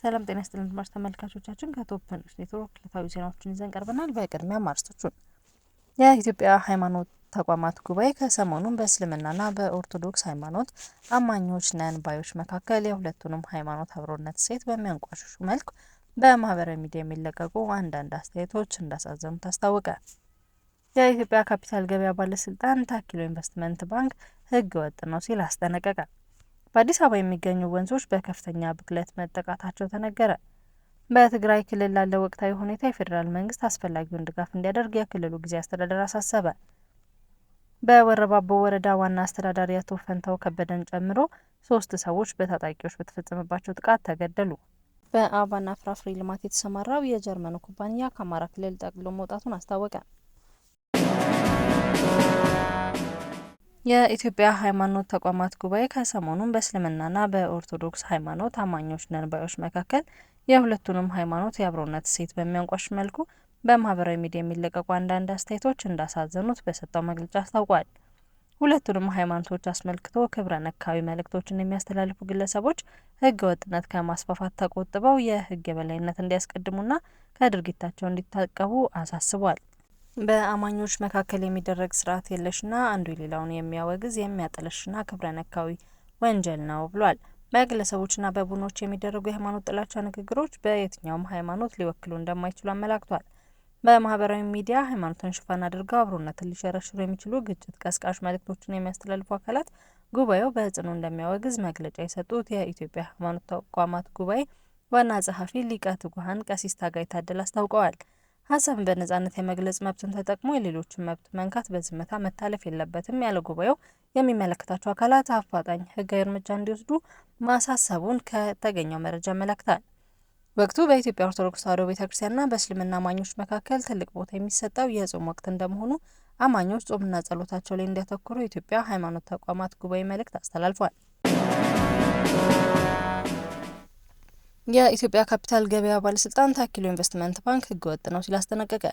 ሰላም ጤና ይስጥልን አድማጭ ተመልካቾቻችን ከቶፕ ኔትወርክ ዕለታዊ ዜናዎችን ይዘን ቀርበናል። በቅድሚያ ማርስቶቹን የኢትዮጵያ ሃይማኖት ተቋማት ጉባኤ ከሰሞኑም በእስልምናና በኦርቶዶክስ ሃይማኖት አማኞች ነን ባዮች መካከል የሁለቱንም ሃይማኖት አብሮነት ሴት በሚያንቋሽሹ መልኩ በማህበራዊ ሚዲያ የሚለቀቁ አንዳንድ አስተያየቶች እንዳሳዘኑ ታስታወቀ። የኢትዮጵያ ካፒታል ገበያ ባለስልጣን ታኪሎ ኢንቨስትመንት ባንክ ህገ ወጥ ነው ሲል አስጠነቀቀ። በአዲስ አበባ የሚገኙ ወንዞች በከፍተኛ ብክለት መጠቃታቸው ተነገረ። በትግራይ ክልል ላለው ወቅታዊ ሁኔታ የፌዴራል መንግስት አስፈላጊውን ድጋፍ እንዲያደርግ የክልሉ ጊዜ አስተዳደር አሳሰበ። በወረባቦ ወረዳ ዋና አስተዳዳሪ አቶ ፈንታው ከበደን ጨምሮ ሶስት ሰዎች በታጣቂዎች በተፈጸመባቸው ጥቃት ተገደሉ። በአበባና ፍራፍሬ ልማት የተሰማራው የጀርመኑ ኩባንያ ከአማራ ክልል ጠቅልሎ መውጣቱን አስታወቀ። የኢትዮጵያ ሃይማኖት ተቋማት ጉባኤ ከሰሞኑም በእስልምናና በኦርቶዶክስ ሃይማኖት አማኞች ነን መካከል የሁለቱንም ሃይማኖት የአብሮነት እሴት በሚያንቋሽ መልኩ በማህበራዊ ሚዲያ የሚለቀቁ አንዳንድ አስተያየቶች እንዳሳዘኑት በሰጠው መግለጫ አስታውቋል። ሁለቱንም ሃይማኖቶች አስመልክቶ ክብረ ነካዊ መልእክቶችን የሚያስተላልፉ ግለሰቦች ህገ ወጥነት ከማስፋፋት ተቆጥበው የህግ የበላይነት እንዲያስቀድሙና ከድርጊታቸው እንዲታቀቡ አሳስቧል። በአማኞች መካከል የሚደረግ ስርዓት የለሽና አንዱ የሌላውን የሚያወግዝ የሚያጠለሽና ክብረ ነካዊ ወንጀል ነው ብሏል። በግለሰቦችና በቡድኖች የሚደረጉ የሃይማኖት ጥላቻ ንግግሮች በየትኛውም ሃይማኖት ሊወክሉ እንደማይችሉ አመላክቷል። በማህበራዊ ሚዲያ ሃይማኖትን ሽፋን አድርገው አብሮነትን ሊሸረሽሩ የሚችሉ ግጭት ቀስቃሽ መልእክቶችን የሚያስተላልፉ አካላት ጉባኤው በጽኑ እንደሚያወግዝ መግለጫ የሰጡት የኢትዮጵያ ሃይማኖት ተቋማት ጉባኤ ዋና ጸሐፊ ሊቀ ትጉሃን ቀሲስ ታጋይ አስታውቀዋል። ሀሳብን በነጻነት የመግለጽ መብትን ተጠቅሞ የሌሎችን መብት መንካት በዝምታ መታለፍ የለበትም ያለ ጉባኤው የሚመለከታቸው አካላት አፋጣኝ ህጋዊ እርምጃ እንዲወስዱ ማሳሰቡን ከተገኘው መረጃ ያመለክታል። ወቅቱ በኢትዮጵያ ኦርቶዶክስ ተዋሕዶ ቤተ በእስልምና አማኞች መካከል ትልቅ ቦታ የሚሰጠው የጾም ወቅት እንደመሆኑ አማኞች ጾምና ጸሎታቸው ላይ እንዲያተኩሩ የኢትዮጵያ ሃይማኖት ተቋማት ጉባኤ መልእክት አስተላልፏል። የኢትዮጵያ ካፒታል ገበያ ባለስልጣን ታኪሎ ኢንቨስትመንት ባንክ ህገወጥ ነው ሲል አስጠነቀቀ።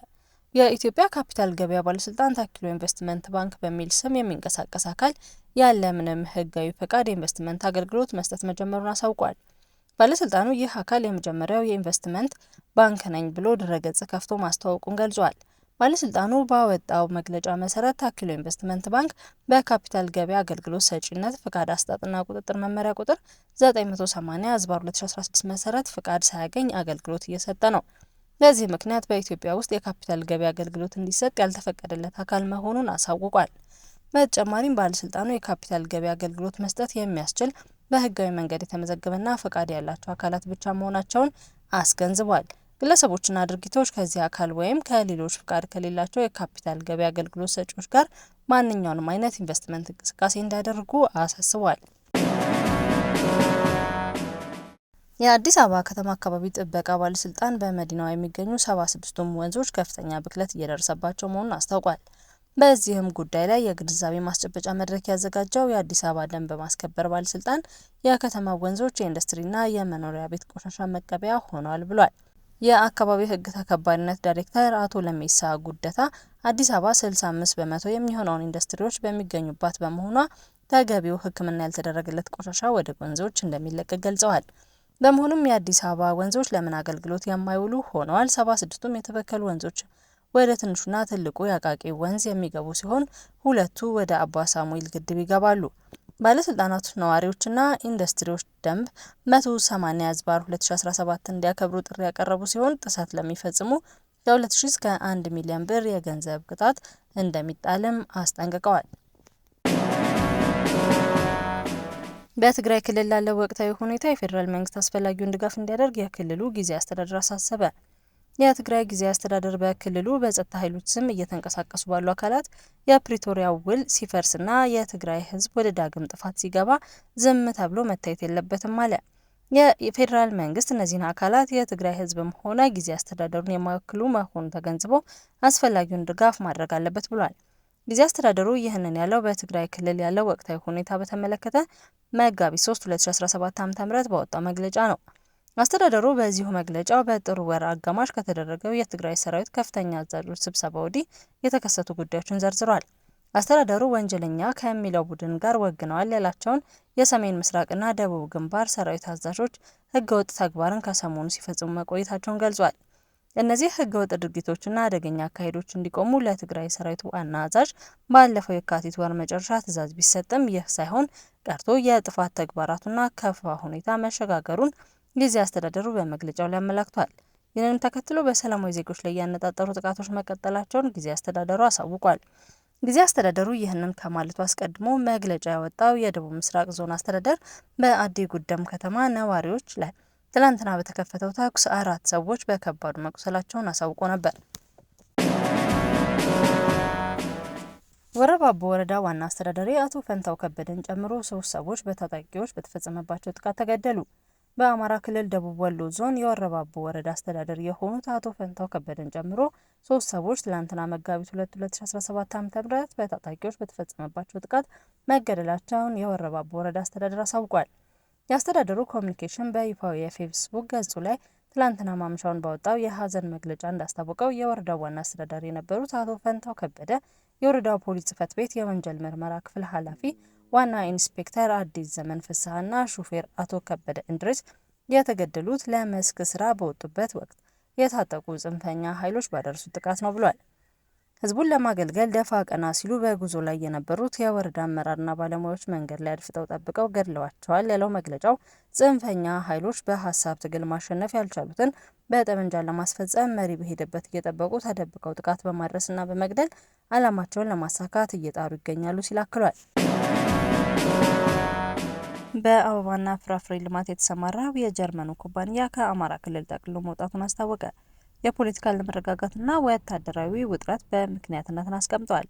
የኢትዮጵያ ካፒታል ገበያ ባለስልጣን ታኪሎ ኢንቨስትመንት ባንክ በሚል ስም የሚንቀሳቀስ አካል ያለምንም ህጋዊ ፈቃድ የኢንቨስትመንት አገልግሎት መስጠት መጀመሩን አሳውቋል። ባለስልጣኑ ይህ አካል የመጀመሪያው የኢንቨስትመንት ባንክ ነኝ ብሎ ድረገጽ ከፍቶ ማስተዋወቁን ገልጿል። ባለስልጣኑ ባወጣው መግለጫ መሰረት ታክሎ ኢንቨስትመንት ባንክ በካፒታል ገበያ አገልግሎት ሰጪነት ፍቃድ አስጣጥና ቁጥጥር መመሪያ ቁጥር 980 ዝባ 2016 መሰረት ፍቃድ ሳያገኝ አገልግሎት እየሰጠ ነው። በዚህ ምክንያት በኢትዮጵያ ውስጥ የካፒታል ገበያ አገልግሎት እንዲሰጥ ያልተፈቀደለት አካል መሆኑን አሳውቋል። በተጨማሪም ባለስልጣኑ የካፒታል ገበያ አገልግሎት መስጠት የሚያስችል በህጋዊ መንገድ የተመዘገበና ፈቃድ ያላቸው አካላት ብቻ መሆናቸውን አስገንዝቧል። ግለሰቦችና ድርጊቶች ከዚህ አካል ወይም ከሌሎች ፍቃድ ከሌላቸው የካፒታል ገቢ አገልግሎት ሰጪዎች ጋር ማንኛውንም አይነት ኢንቨስትመንት እንቅስቃሴ እንዳያደርጉ አሳስቧል። የአዲስ አበባ ከተማ አካባቢ ጥበቃ ባለስልጣን በመዲናዋ የሚገኙ ሰባ ስድስቱም ወንዞች ከፍተኛ ብክለት እየደረሰባቸው መሆኑን አስታውቋል። በዚህም ጉዳይ ላይ የግንዛቤ ማስጨበጫ መድረክ ያዘጋጀው የአዲስ አበባ ደንብ ማስከበር ባለስልጣን የከተማ ወንዞች የኢንዱስትሪና የመኖሪያ ቤት ቆሻሻ መቀበያ ሆኗል ብሏል። የአካባቢ ህግ ተከባሪነት ዳይሬክተር አቶ ለሜሳ ጉደታ አዲስ አበባ 65 በመቶ የሚሆነውን ኢንዱስትሪዎች በሚገኙባት በመሆኗ ተገቢው ሕክምና ያልተደረገለት ቆሻሻ ወደ ወንዞች እንደሚለቀቅ ገልጸዋል። በመሆኑም የአዲስ አበባ ወንዞች ለምን አገልግሎት የማይውሉ ሆነዋል። 76ቱም የተበከሉ ወንዞች ወደ ትንሹና ትልቁ የአቃቂ ወንዝ የሚገቡ ሲሆን ሁለቱ ወደ አባ ሳሙኤል ግድብ ይገባሉ። ባለስልጣናት ነዋሪዎችና ኢንዱስትሪዎች ደንብ 180 ህዝባር 2017 እንዲያከብሩ ጥሪ ያቀረቡ ሲሆን ጥሰት ለሚፈጽሙ ከ 2 እስከ 1 ሚሊዮን ብር የገንዘብ ቅጣት እንደሚጣልም አስጠንቅቀዋል። በትግራይ ክልል ላለው ወቅታዊ ሁኔታ የፌዴራል መንግስት አስፈላጊውን ድጋፍ እንዲያደርግ የክልሉ ጊዜያዊ አስተዳደር አሳሰበ። የትግራይ ጊዜ አስተዳደር በክልሉ በጸጥታ ኃይሎች ስም እየተንቀሳቀሱ ባሉ አካላት የፕሪቶሪያ ውል ሲፈርስና የትግራይ ህዝብ ወደ ዳግም ጥፋት ሲገባ ዝም ተብሎ መታየት የለበትም አለ። የፌዴራል መንግስት እነዚህን አካላት የትግራይ ህዝብም ሆነ ጊዜ አስተዳደሩን የማይወክሉ መሆኑን ተገንዝቦ አስፈላጊውን ድጋፍ ማድረግ አለበት ብሏል። ጊዜ አስተዳደሩ ይህንን ያለው በትግራይ ክልል ያለው ወቅታዊ ሁኔታ በተመለከተ መጋቢት 3 2017 ዓ.ም በወጣው መግለጫ ነው። አስተዳደሩ በዚሁ መግለጫው በጥር ወር አጋማሽ ከተደረገው የትግራይ ሰራዊት ከፍተኛ አዛዦች ስብሰባ ወዲህ የተከሰቱ ጉዳዮችን ዘርዝሯል። አስተዳደሩ ወንጀለኛ ከሚለው ቡድን ጋር ወግነዋል ያላቸውን የሰሜን ምስራቅና ደቡብ ግንባር ሰራዊት አዛዦች ህገወጥ ተግባርን ከሰሞኑ ሲፈጽሙ መቆየታቸውን ገልጿል። እነዚህ ህገወጥ ድርጊቶችና አደገኛ አካሄዶች እንዲቆሙ ለትግራይ ሰራዊት ዋና አዛዥ ባለፈው የካቲት ወር መጨረሻ ትእዛዝ ቢሰጥም ይህ ሳይሆን ቀርቶ የጥፋት ተግባራቱና ከፋ ሁኔታ መሸጋገሩን ጊዜ አስተዳደሩ በመግለጫው ላይ አመላክቷል። ይህንንም ተከትሎ በሰላማዊ ዜጎች ላይ ያነጣጠሩ ጥቃቶች መቀጠላቸውን ጊዜ አስተዳደሩ አሳውቋል። ጊዜ አስተዳደሩ ይህንን ከማለቱ አስቀድሞ መግለጫ ያወጣው የደቡብ ምስራቅ ዞን አስተዳደር በአዴ ጉደም ከተማ ነዋሪዎች ላይ ትላንትና በተከፈተው ተኩስ አራት ሰዎች በከባዱ መቁሰላቸውን አሳውቆ ነበር። ወረባቦ ወረዳ ዋና አስተዳዳሪ አቶ ፈንታው ከበደን ጨምሮ ሶስት ሰዎች በታጣቂዎች በተፈጸመባቸው ጥቃት ተገደሉ። በአማራ ክልል ደቡብ ወሎ ዞን የወረባቦ ወረዳ አስተዳደር የሆኑት አቶ ፈንታው ከበደን ጨምሮ ሶስት ሰዎች ትላንትና መጋቢት 2 2017 ዓ.ም በታጣቂዎች በተፈጸመባቸው ጥቃት መገደላቸውን የወረባቦ ወረዳ አስተዳደር አሳውቋል። የአስተዳደሩ ኮሚኒኬሽን በይፋዊ የፌስቡክ ገጹ ላይ ትላንትና ማምሻውን ባወጣው የሀዘን መግለጫ እንዳስታወቀው የወረዳው ዋና አስተዳዳሪ የነበሩት አቶ ፈንታው ከበደ የወረዳው ፖሊስ ጽፈት ቤት የወንጀል ምርመራ ክፍል ኃላፊ ዋና ኢንስፔክተር አዲስ ዘመን ፍስሐና ሹፌር አቶ ከበደ እንድሪስ የተገደሉት ለመስክ ስራ በወጡበት ወቅት የታጠቁ ጽንፈኛ ኃይሎች ባደረሱት ጥቃት ነው ብሏል። ህዝቡን ለማገልገል ደፋ ቀና ሲሉ በጉዞ ላይ የነበሩት የወረዳ አመራርና ባለሙያዎች መንገድ ላይ አድፍጠው ጠብቀው ገድለዋቸዋል ያለው መግለጫው፣ ጽንፈኛ ኃይሎች በሀሳብ ትግል ማሸነፍ ያልቻሉትን በጠመንጃ ለማስፈጸም መሪ በሄደበት እየጠበቁ ተደብቀው ጥቃት በማድረስና በመግደል ዓላማቸውን ለማሳካት እየጣሩ ይገኛሉ ሲል አክሏል። በአበባና ፍራፍሬ ልማት የተሰማራው የጀርመኑ ኩባንያ ከአማራ ክልል ጠቅልሎ መውጣቱን አስታወቀ። የፖለቲካ አለመረጋጋትና ወታደራዊ ውጥረት በምክንያትነትን አስቀምጠዋል።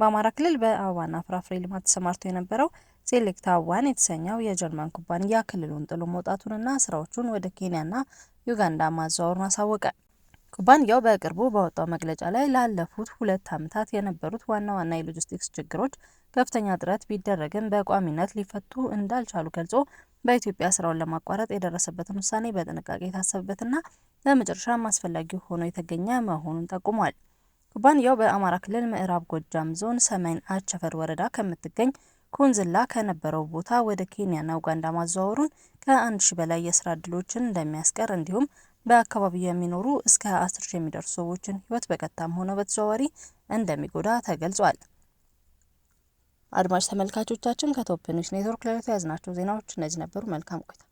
በአማራ ክልል በአበባና ፍራፍሬ ልማት ተሰማርቶ የነበረው ሴሌክታ ዋን የተሰኘው የጀርመን ኩባንያ ክልሉን ጥሎ መውጣቱንና ስራዎቹን ወደ ኬንያና ዩጋንዳ ማዘዋወሩን አሳወቀ። ኩባንያው በቅርቡ በወጣው መግለጫ ላይ ላለፉት ሁለት ዓመታት የነበሩት ዋና ዋና የሎጂስቲክስ ችግሮች ከፍተኛ ጥረት ቢደረግም በቋሚነት ሊፈቱ እንዳልቻሉ ገልጾ፣ በኢትዮጵያ ስራውን ለማቋረጥ የደረሰበትን ውሳኔ በጥንቃቄ የታሰበበትና ለመጨረሻም አስፈላጊ ሆኖ የተገኘ መሆኑን ጠቁሟል። ኩባንያው በአማራ ክልል ምዕራብ ጎጃም ዞን ሰሜን አቸፈር ወረዳ ከምትገኝ ኩንዝላ ከነበረው ቦታ ወደ ኬንያና ኡጋንዳ ማዘዋወሩን፣ ሺህ በላይ የስራ ዕድሎችን እንደሚያስቀር እንዲሁም በአካባቢው የሚኖሩ እስከ 20 ሺህ የሚደርሱ ሰዎችን ህይወት በቀጥታም ሆነ በተዘዋዋሪ እንደሚጎዳ ተገልጿል። አድማጭ ተመልካቾቻችን ከቶፕ ኒውስ ኔትወርክ ለዕለቱ ያዝናቸው ዜናዎች እነዚህ ነበሩ። መልካም ቆይታ